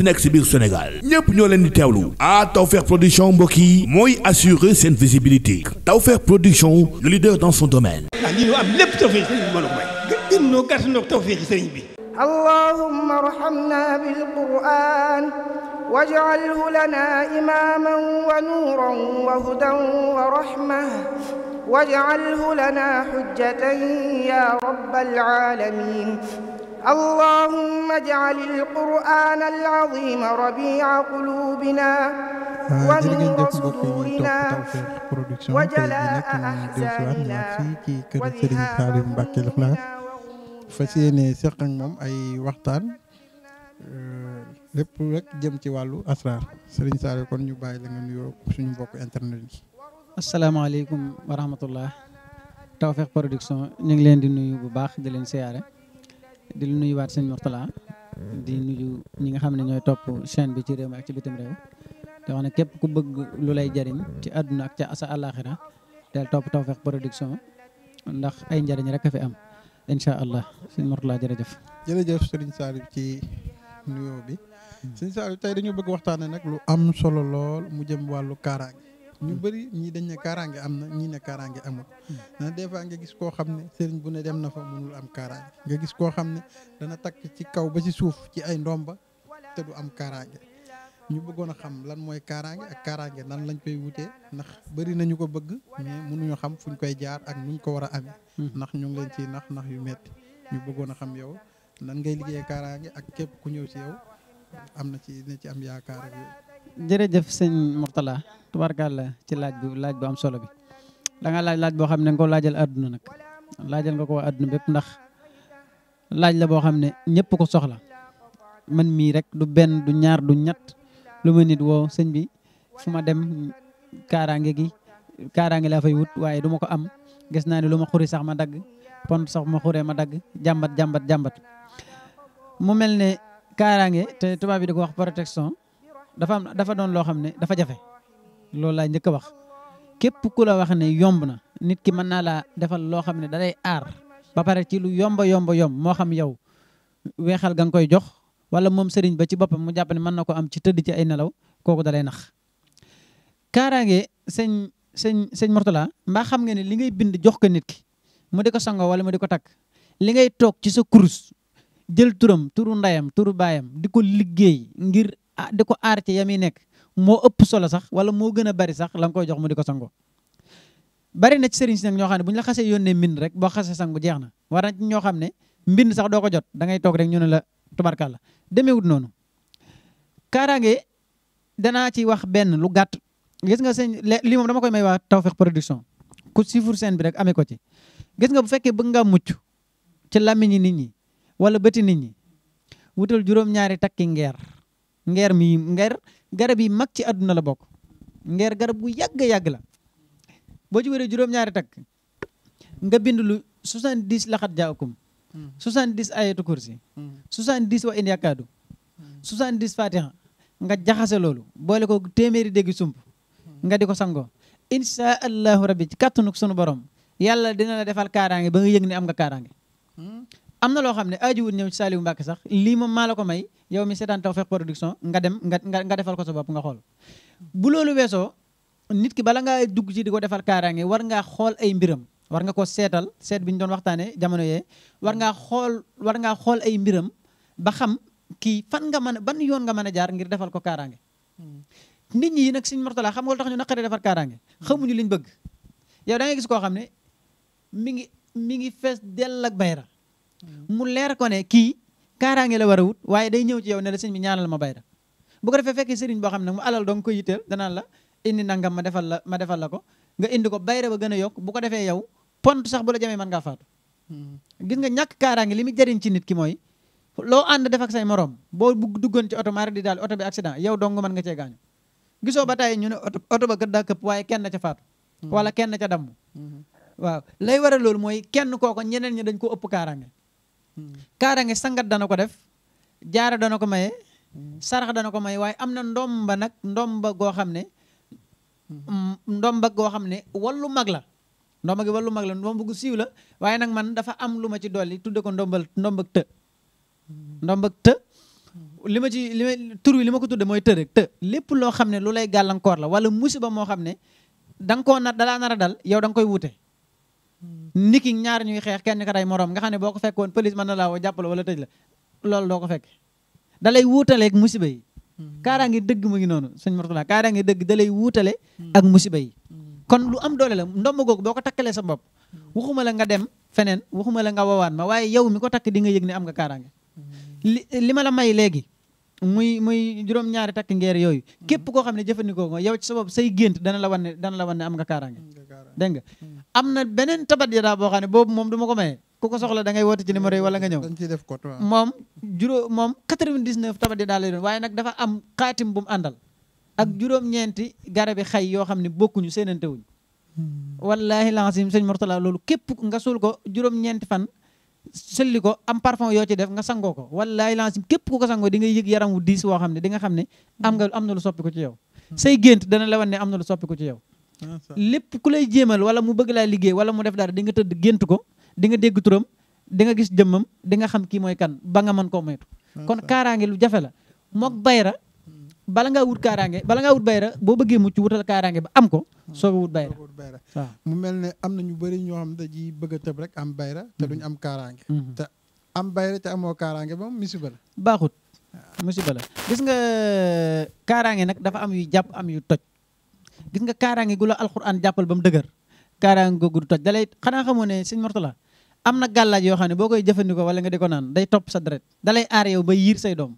munti nekk si biir Sénégal ñépp ñoo leen di teewlu ah Tawfekh production mbokk yi mooy assurer seen visibilité Tawfekh production le leader dans son domaine ah lii am lépp Tawfekh sëriñ bi mën a may gën noo gàtt noo Tawfekh sëriñ bi allahumma arhamna bil qur'an waj'alhu lana imaman wa nuran wa hudan wa rahmah واجعله لنا حجة يا رب العالمين اللهم اجعل القرآن العظيم ربيع قلوبنا ونور صدورنا وجلاء أحزاننا وذهاب همومنا fas yéene seq ak moom ay waxtaan euh, lépp rek jëm ci wàllu asraar Serigne Saliou kon ñu bàyyi la nga nuyoo suñu mbokk internet yi. asalaamaaleykum wa rahmatullah Tawfekh Production ñu ngi leen di nuyu bu baax di leen di lu nuyuwaat sëñ Mourtala di nuyu ñi nga xam ne ñooy topp chaîne bi ci réew mi ak ci bitim réew te ne képp ku bëgg lu lay jariñ ci àdduna ak ca sa àllaaxira del topp Tawfekh Production ndax ay njariñ rek a fi am incha allah sëñ Mourtala jërëjëf. jërëjëf Serigne Saliou ci nuyoo bi. Hmm. sëñ Saliou tey dañu bëgg waxtaanee nag lu am solo lool mu jëm wàllu kaaraange. ñu bëri ñii dañ ne kaaraange am na ñii ne kaaraange amul na des fois nga gis koo xam ne sëriñ bu ne dem na fa mënul am kaaraange nga gis koo xam ne dana takk ci kaw ba ci suuf ci ay ndomba te du am kaaraange ñu bëggoon a xam lan mooy kaaraange ak kaaraange nan lañ koy wutee ndax bëri nañu ko bëgg mais mënuñu xam fuñ koy jaar ak nuñ ko war a amee mm-hmm. ñu ngi leen ciy nax nax yu metti ñu bëggoon a xam yow nan ngay liggéeyee kaaraange ak képp ku ñëw ci yow am na ci ne ci am yaakaar ak yow jëf jërëjëf sëñ Mourtala tubarkàlla ci laaj bu laaj bu am solo bi da nga laaj laaj boo xam ne nga ko laajal àdduna nag laajal nga ko waa àdduna bépp ndax laaj la boo xam ne ñëpp ko soxla man mii rek du benn du ñaar du ñett lu ma nit woo sëñ bi fu ma dem kaaraange gi kaaraange laa fay wut waaye du ma ko am gis naa ne lu ma xuri sax ma dagg pont sax ma xuree ma dagg jàmbat jàmbat jàmbat mu mel ne kaaraange te tubaab bi di ko wax protection dafa am dafa doon loo xam ne dafa jafe loolu laa njëkk a wax képp ku la wax ne yomb na nit ki mën naa laa defal loo xam ne da aar ba pare ci lu yomba yomba yomb moo xam yow weexal ga nga koy jox wala moom sëriñ ba ci boppam mu jàpp ne mën na ko am ci tëdd ci ay nelaw kooku da nax kaaraange sëñ sëñ sëñ Mourtala mbaa xam nga ne li ngay bind jox ko nit ki mu de ko sangoo wala mu de ko takk li ngay toog ci sa kurus jël turam turu ndayam turu baayam di ko liggéey ngir Ah, di ko aar ci yami nekk moo ëpp solo sax wala moo gën a bari sax la koy jox mu di ko sango bari na ci sëriñ si nag ñoo xam ne bu ñu la xasee yónnee mbind rek boo xasee sangu jeex na war na ci ñoo xam ne mbind sax doo ko jot da toog rek ñu ne la tubarkàlla wut noonu kaaraange danaa ci wax benn lu gàtt gis nga sëñ li moom dama koy may taw fex Production ku siifur seen bi rek amee ko ci gis nga bu fekkee bëgg nga mucc ci làmmiñi nit ñi wala bëti nit ñi wutal juróom takki ngeer ngeer mi ngeer garab yi mag ci àdduna la bokk ngeer garab gu yàgg yàgg la boo ci wéree juróom-ñaari takk nga bind lu 70 laxat jaakum 70 hmm. ayatu kursi 70 hmm. wa in yakaadu 70 fatiha nga jaxase loolu boole ko téeméeri dégg sump hmm. nga di ko sangoo insha allahu rabbi ci kàttanuk sunu borom yàlla dina la defal kaaraange ba nga yëg ne am nga kaaraange am na loo xam ne ajiwul ñëw ci Saliou Mbacke sax lii moom maa la ko may yow mi seetaan Tawfekh Production nga dem nga nga defal ko sa bopp nga xool bu loolu weesoo nit ki bala ngaa dugg ci di ko defal kaaraange war ngaa xool ay mbiram war nga ko seetal seet bi ñu doon waxtaanee jamono yee war ngaa xool war ngaa xool ay mbiram ba xam kii fan nga mën a ban yoon nga mën a jaar ngir defal ko kaaraange nit ñi nag Sëñ Mourtalla xam nga lu tax ñu naqaree defar kaaraange xamuñu liñ bëgg yow da ngay gis koo xam ne mi ngi mi ngi fees dell ak bayra mu leer ko ne kii kaaraange la war a wut waaye day ñëw ci yow ne la mi bi ñaanal ma bayra bu ko defee fekkee sëriñ boo xam ne mu alal dong ko yitteel danaan la indi nangam ma defal la ma defal la ko nga indi ko bayra ba gën a yokk bu ko defee yow pont sax bu la jamee man ngaa faatu hmm. gis nga ñàkk kaaraange li mu jëriñ ci nit ki mooy loo ànd def ak say moroom boo duggoon ci oto mari di daal oto bi accident yow dong mën nga cee gaañu gisoo ba tey ñu ne oto oto ba gën daa këpp waaye kenn ca faatu hmm. wala kenn ca damm hmm. waaw lay waral loolu mooy kenn kooko ñeneen ñi dañ ko ëpp kaaraange kaaraange sangat dana ko def jaara dana ko maye hmm. sarax dana ko maye waaye am na ndomba nag ndomba goo xam ne mm, ndomba goo xam ne wallu mag la ndomba gi wallu mag la ndomba gu siiw la waaye nag man dafa am lu ma ci dolli tudde ko ndombal ndombak të hmm. ndombak të hmm. li ma ci tur wi li ma ko tudde mooy të rek të lépp loo xam ne lu lay gàllankoor la wala musiba moo xam ne da nga koo nar dalaa nar dal yow da nga koy wute niki ñaar ñuy xeex kenn ka day moroom nga xam ne boo ko fekkoon police mën na laa woo jàppale wala tëj la lool doo ko fekk da lay wuutaleeg musiba yi mm-hmm. kaaraange dëgg mu ngi noonu sëñ Murtala kaaraange dëgg da wuutale mm-hmm. ak musiba yi mm-hmm. kon lu am doole la ndomb googu boo ko takkalee sa bopp waxuma la nga dem feneen waxuma la nga wowaan ma waaye yow mi ko takk di nga yëg ne am nga kaaraange li li ma la may léegi muy muy juróom-ñaari takk ngeer yooyu képp koo xam ne jëfandikoo ko yow ci sa bopp say gént dana la wan ne dana la wan ne am nga kaaraange dégg nga am na beneen tabat yadaa boo xam ne boobu moom du ma ko maye ku ko soxla da ngay woote ci numéro yi wala nga ñëw moom juróom moom 99 tabat yadaa lay doon waaye nag dafa am xaatim bu mu àndal ak juróom-ñeenti garabi xay yoo xam ne bokkuñu seenante wuñ hmm. wallaahi lancim sëñ Mourtala loolu képp nga suul ko juróom-ñeenti fan selli ko am parfum yoo ci def nga sangoo ko wallaahi lancim képp ku ko sangoo di nga yëg yaram wu diis woo xam ne di xam ne am nga am na lu soppi ko ci yow hmm. say la wan ne am na lu soppi ko ci yow lépp ku lay jéemal wala mu bëgg laa liggéey wala mu def dara di nga tëdd gént ko di nga dégg turam di nga gis jëmmam di nga xam kii mooy kan ba nga mën koo moytu kon kaaraange lu jafe la mook bayra bala ngaa wut kaaraange bala ngaa wut bayra boo bëggee mucc wutal kaaraange ba am ko soo ko wut bayra waaw mu mel ne am na ñu bëri ñoo xam dañuy bëgg a tëb rek am bayra te duñ am kaaraange mhm. te am bayra amoo kaaraange ba musiba la baaxut musiba la gis nga kaaraange nag dafa am yuy jàpp am yu toj gis nga kaaraange gu la alxuraan jàppal ba mu dëgër kaaraange googu du toj dalay xanaa xamoo ne sëñ Mortala am na gàllaaj yoo xam ne boo koy jëfandikoo wala nga di ko naan day topp sa deret dalay aar yow ba yiir say doom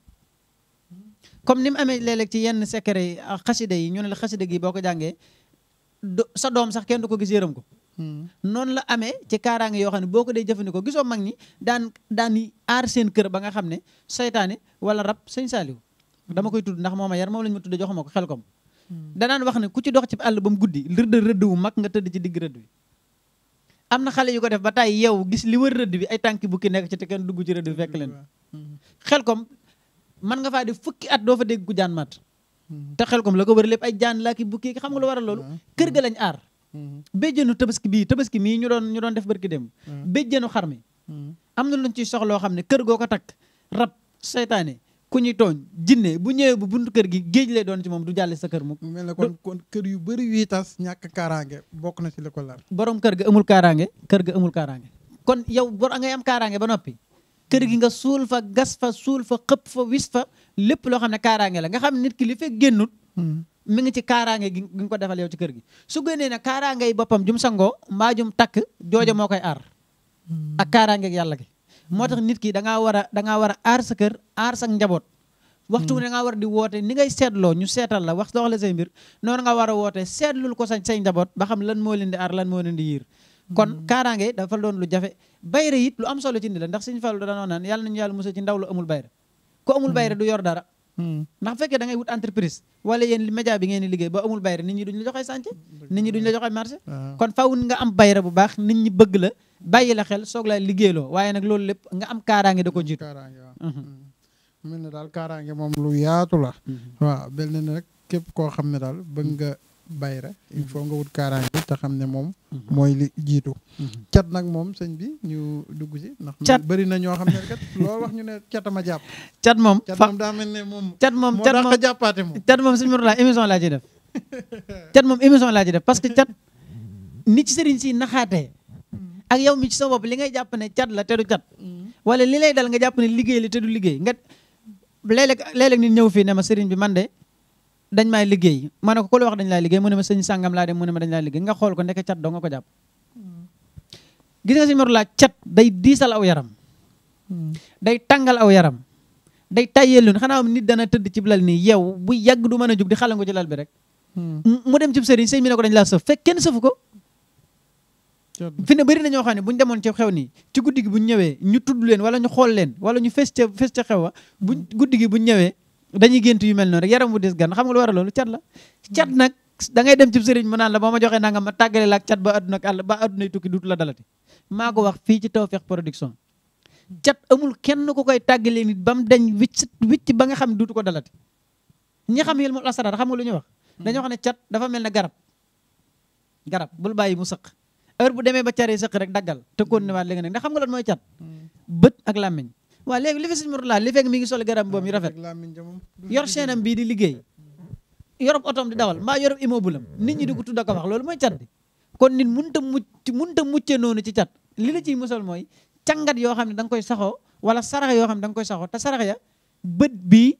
comme ni mu amee léeg ci yenn secret yi xasida yi ñu ne la xasida gi boo ko jàngee sa doom sax kenn du ko gis yërëm ko hmm. noonu la amee ci kaaraange yoo xam ne boo ko dee jëfandikoo gisoo mag ñi daan daan aar seen kër ba nga xam ne saytaane wala rab sëñ saaliw dama koy tudd ndax moo ma yar moom la ñu ma tudde joxuma ko xelkom danaan wax ne ku ci dox ci àll ba mu guddi rëdd rëdd wu mag nga tëdd ci digg rëdd bi am na xale yu ko def ba tàyyi yow gis li wër rëdd bi ay tànk tànki bukki nekk ci te kenn dugg ci rëdd bi fekk leen xel kom man nga faa di fukki at doo fa dégg ku jaan mat te xel kom la ko wër lépp ay jaan laa ki bukki xam nga lu waral loolu kër ga lañ aar béjjënu tabaski bii tabaski mii ñu doon ñu doon def barki dem béjjënu xar mi am na luñ ciy soxloo xam ne kër goo ko takk rab ku ñuy tooñ jinne bu ñëwee bu buntu kër gi géej doon ci moom du jàlle sa kër mu mel ne kon kon kër yu bëri yuy tas ñàkk kaaraange bokk na ci li lar borom kër amul kaaraange kër ga amul kaaraange kon yow bor ngay am kaaraange ba noppi kër gi nga suul fa gas fa suul fa xëpp fa wis fa lépp loo xam ne kaaraange la nga xam nit ki li fekk génnut hmm. mi ngi ci kaaraange gi nga ko defal ci kër gi su génnee ne kaaraange yi boppam jum sangoo mbaa jum takk jooja moo koy aar hmm. ak kaaraange yàlla gi moo tax nit ki danga ngaa war da ngaa a aar sa kër aar sa njaboot. waxtu da ngaa war di woote ni ngay seetloo ñu seetal la wax dox la say mbir noonu nga war a woote seetlul ko sa say njaboot ba xam lan moo leen di aar lan moo leen di yiir. kon mm-hmm. kaaraange dafa doon lu jafe bayre it lu am solo ci ni la ndax suñu fàllu danoo naan yàlla nañu yàlla musa ci ndaw lu amul bayre ku amul bayre mm-hmm. du yor dara. Mm-hmm. ndax fekkee da ngay wut entreprise wala yéen média bi ngeen di liggéey ba amul bayre nit ñi duñ la joxee sànce ñi duñ la joxee marché ah. nga am bayre bu baax nit ñi bëgg la bàyyi la xel soog la liggéeyloo waaye nag loolu lépp nga am kaaraange da ko jiitu mhm. mm-hmm. mel ne daal kaaraange moom lu yaatu la mhm. waaw bel ne ne rek képp koo xam ne daal bëgg nga mhm. bay rek il faut nga wut kaaraange te xam ne moom mooy li jiitu cat nag moom sëñ bi ñu dugg si ndax cat bëri na ñoo xam ne loo wax ñu ne catama jàpp cat moom cat moom daa mel ne moom cat moom moo daa jàppaate moom cat moom sëñ Mourala émission laa ciy def cat moom émission laa ciy def parce que cat ni ci sëriñ si naxaatee ak yow mi ci sa bopp li ngay jàpp ne cat la te du wala li lay dal nga jàpp ne liggéey la te liggéey nga léeg-léeg léeg nit ñëw fii ne ma sëriñ bi man de dañ maay liggéey ma ne ko ku la wax dañ laa liggéey mu ne ma sëñ sangam laa de mu ne ma dañ laa liggéey nga xool ko ndeke cat doo nga ko jàpp gis nga sëñ Modou laa cat day diisal aw yaram day tàngal aw yaram day tàyyeelu xanaa am nit dana tëdd ci ni nii yow bu yàgg du mën a jug di xalangu ci lal bi rek hmm. mu dem ci sëriñ sëñ bi ko dañ laa sëf fekk kenn sëfu ko fi ne bëri na ñoo xam ne bu ñu demoon ci xew nii ci guddi bu ñu ñëwee ñu tudd leen wala ñu xool leen wala ñu fes ca fes ca xew wa bu guddi gi bu ñu ñëwee dañuy gént yu mel noonu rek yaram bu des gan xam nga lu war a loolu cat la cat hmm. nag da dem ci sëriñ mu naan la boo ma joxee nangam ma tàggale ak cat ba àdduna ak àll ba tukki duutu la maa ko wax fii ci Tawfekh Production cat amul kenn ku koy tàggalee nit ba mu dañ wicc wicc ba nga xam duutu ko dalati ñi xam ilmul asrar xam nga ñuy wax hmm. dañoo xam ne cat dafa mel ne garab garab bul bàyyi mu sëq heure bu demee ba caree sëq rek daggal te continuer li nga nekk ndax xam nga lan mooy cat hmm. bët ak làmmiñ waaw léegi li fi suñu laa li fekk mi ngi sol garam boom yu rafet yor seenam bii di liggéey yorop otoom di dawal mbaa yorop immeuble am nit ñi di ko tudd ak wax loolu mooy cat bi kon nit mënut ta mucc mënut a muccee noonu ci cat li la ciy musal mooy cangat yoo xam ne da nga koy saxoo wala sarax yoo xam ne da nga koy saxoo te sarax ya bët bii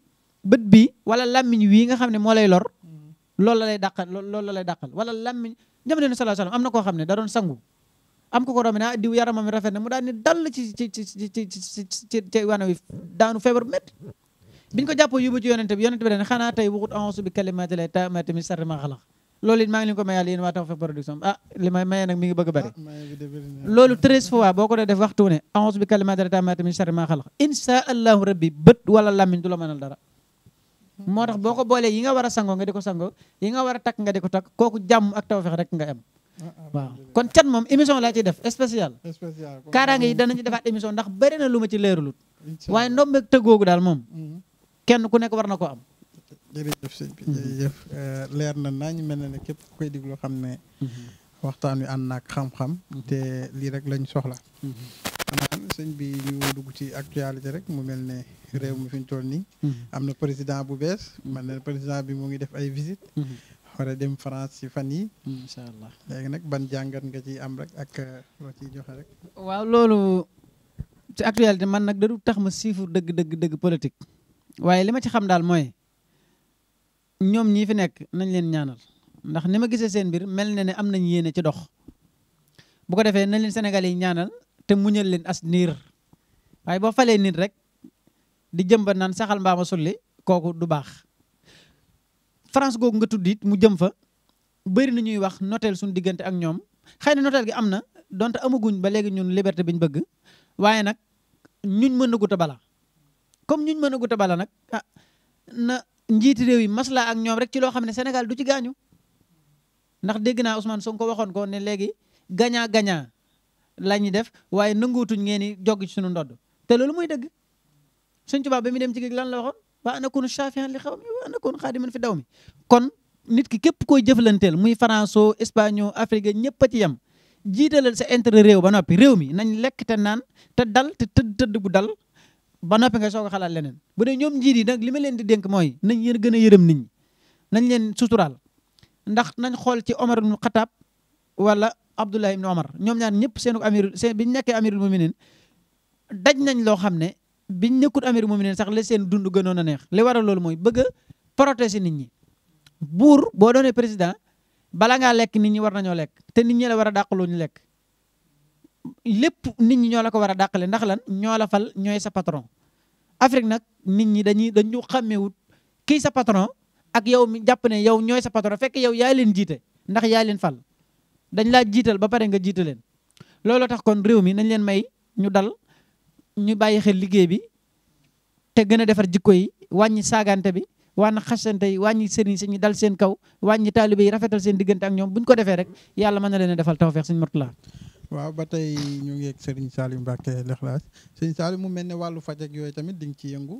bët bii wala làmmiñ wii nga xam ne moo lay lor hmm. loolu la lay dàqal loolu la lay dàqal wala làmmiñ jamono yonent sallallahu alayhi wasallam am na koo xam ne da doon sangu am ko ko doon a ah, diw yaramam rafet na mu daal ni dal ci ci ci ci ci ci ci wi daanu feebar métti biñ ko jàppoo yóbbu ci yonent bi yonent bi dañ xanaa tey waxut awuusu bi kalimaati llaahi taammaati min sharri maa xalaq loolu it maa ngi leen ko mayal yéen waa Tawfekh Production ah, a bëri ah, loolu treize fois boo ko dee def waxtu ne insha allahu rabbi bët wala làmmiñ du la mënal dara moo tax boo ko boolee yi nga war a sangoo nga di ko sangoo yi nga war a takk nga di ko takk kooku jàmm ak tawfeex rek nga am ah, waaw kon cat moom émission laa ciy def spécial kaaraange yi dana danañu defaat émission ndax bëri na lu ma ci leerulut waaye ndombeeg tëggoogu daal moom mm-hmm. kenn ku nekk war na ko am jërëjëf mm-hmm. euh, leer na nañ mel na ne képp ku koy diglu xam ne mm-hmm. waxtaan wi ànd naak xam-xam te lii rek lañ soxla sëñ bi ñu dugg ci actualité rek mu mel ne réew mi fi ñu toll nii. Mhm. am na président bu bees mhm. man na président bi mu ngi def ay visite mhm. war a dem France ci fan yi allah léegi nag ban jàngat nga ci am rek ak euh, loo ciy joxe rek. waaw loolu ci actualité man nag da tax ma siifur dëgg dëgg dëgg politique. waaye li ma ci xam daal mooy ñoom ñii fi nekk nañ leen ñaanal ndax ni ma gisee seen mbir mel na ne am nañ yéene ci dox bu ko defee nañ leen Sénégal yi ñaanal te muñal leen as niir waaye boo falee nit rek di jëmba naan saxal mbaama sulli kooku du baax France googu nga tudd it mu jëm fa bëri na ñuy wax noteel suñu diggante ak ñoom xëy na noteel gi am na donte amaguñ ba léegi ñun liberté biñ bëgg waaye nag ñuñ mën na gut bala comme ñuñ mën a gut bala nag ah na njiiti réew yi maslaa ak ñoom rek ci loo xam ne Sénégal du ci gaañu ndax dégg naa Ousmane Sonko ko waxoon ko ne léegi gagnant gaña la ñuy def waaye nanguutuñ ngeen i jog ci suñu ndodd te loolu mooy dëgg Sëñ Tuubaa ba mu dem ci lan la waxoon waa anakunu shafian li xaw mi waa anakunu xaadiman fi daw mi kon nit ki képp koy jëflanteel muy faranso espagnol afrique ñëpp a ci yem jiitalal sa intérêt réew ba noppi réew mi nañ lekk te naan te dal te tëdd tëdd bu dal ba noppi nga soog a xalaat leneen bu dee ñoom njiit yi nag li ma leen di dénk mooy nañ yéen gën a yërëm nit ñi nañ leen suturaal ndax nañ xool Abdullah ibn Omar ñoom ñaar ñëpp seenu amirul seen biñ nekkee amirul muminin daj nañ loo xam ne biñ nekkut amirul muminin sax la seen dund gënoon a neex li wara lool mooy bëgg a protéger nit ñi buur boo doonee président bala ngaa lekk nit ñi war nañoo lekk te nit ñi la war a dàqaloo ñu lekk lépp nit ñi ñoo la ko war a dàqale ndax lan ñoo fal ñooy sa patron Afrique nag nit ñi dañuy dañu xàmmewut kii sa patron ak yow mi jàpp ne yow ñooy sa patron fekk yow yaa leen jiite ndax yaa leen fal dañ laa jiital ba pare nga jiita leen looloo tax kon réew mi nañ leen may ñu dal ñu bàyyi xel liggéey bi te gën a defar jikko yi wàññi saagante bi wàññi xasante yi wàññi sëriñ si ñu dal seen kaw wàññi taalibe yi rafetal seen diggante ak ñoom bu ñu ko defee rek yàlla mën na leen defal tawfeex sëñ Murtala waaw ba tey ñu ngi ak sëriñ Saliou Mbacke Lexlaas sëriñ Saliou mu mel ne wàllu faj ak yooyu tamit di nga yëngu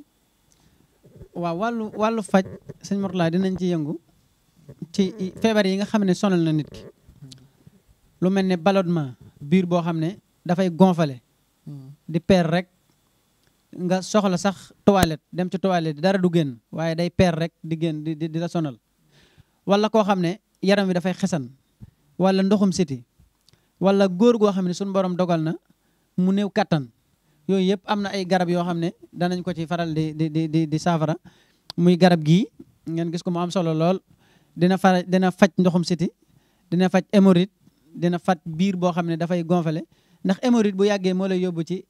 waaw wàllu wàllu faj sëñ Murtala dinañ ci yëngu ci feebar yi nga xam ne sonal na nit ki lu mel ni ballonnement biir boo xam ne dafay gonfale hmm. di peer rek nga soxla sax toilette dem ci toilette dara du génn waaye day peer rek di génn di la sonal walla koo xam ne yaram wi dafay xesan wala ndoxum siti walla góor goo xam ne suñu borom dogal na mu néew kattan yooyu yëpp am na ay garab yoo xam ne danañ ko ci faral di di di saafara muy garab gii ngeen gis ko mu am solo lool dina fara dina faj ndoxum siti dina faj hémorroïde dina fat biir boo xam ne dafay gonfale ndax hémorroïde bu yàggee moo lay yóbbu ci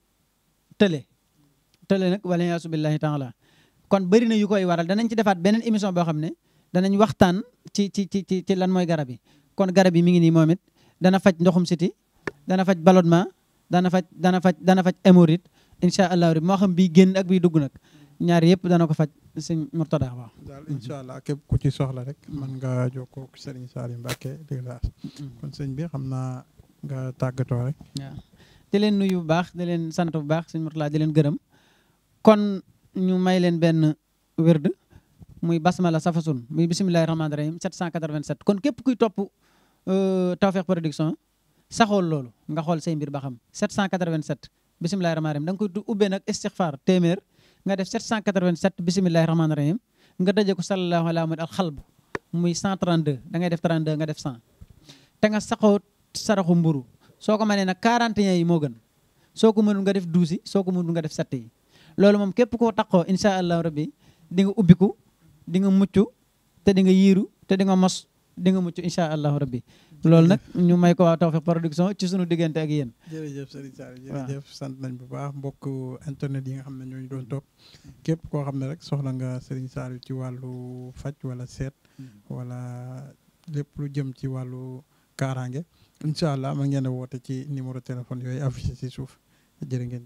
tële tële nag wala yaasu billahi taala kon bëri na yu koy waral danañ ci defaat beneen émission boo xam ne danañ waxtaan ci ci ci ci ci lan mooy garab yi kon garab yi mi ngi nii moom it dana faj ndoxum siti dana faj ballonnement dana faj dana faj dana faj hémorroïde incha allah moo xam bii génn ak bii dugg nag ñaar yëpp dana ko faj sëñ Murtada waaw. daal mhm. incha allah képp ku ci soxla rek mhm. mën nga jokkoo ak sëriñ Saliou Mbacké di laas mhm. kon sëñ bi xam naa nga tàggatoo rek. waaw leen nuy bu baax di leen sant bu baax sëñ Murtada di leen gërëm kon ñu may leen benn wérd muy basmala safasun muy bisimilahi rahmaani rahim 787 kon képp kuy topp euh, Tawfekh Production saxool loolu nga xool say mbir ba xam 787 bisimilahi rahmaani rahim da nga koy ubbee nag istixfaar téeméer. nga def 787 bisimilahi rahmaani rahim nga daje ko sallallahu ala mu al xalb muy 132 da ngay def 32 nga def 100 te nga saxoo saraxu mburu soo ko mënee nag 41 yi moo gën soo ko mënul nga def 12 soo ko mënul nga def 7 yi loolu moom képp koo taqoo incha allah rabbi di nga ubbiku di nga mucc te di nga yiiru te di nga mos di nga mucc incha allah rabbi loolu nag ñu may ko waa Tawfekh Production ci sunu diggante ak yéen jërëjëf Serigne jërëjëf sant nañ bu baax mbokk internet yi nga xam ne ñooñu doon topp képp koo xam ne rek soxla nga Serigne Sall ci wàllu faj wala seet mm-hmm. wala lépp lu jëm ci wàllu kaaraange incha allah ma ngeen woote ci numéro téléphone yooyu affiché ci suuf jërë ngeen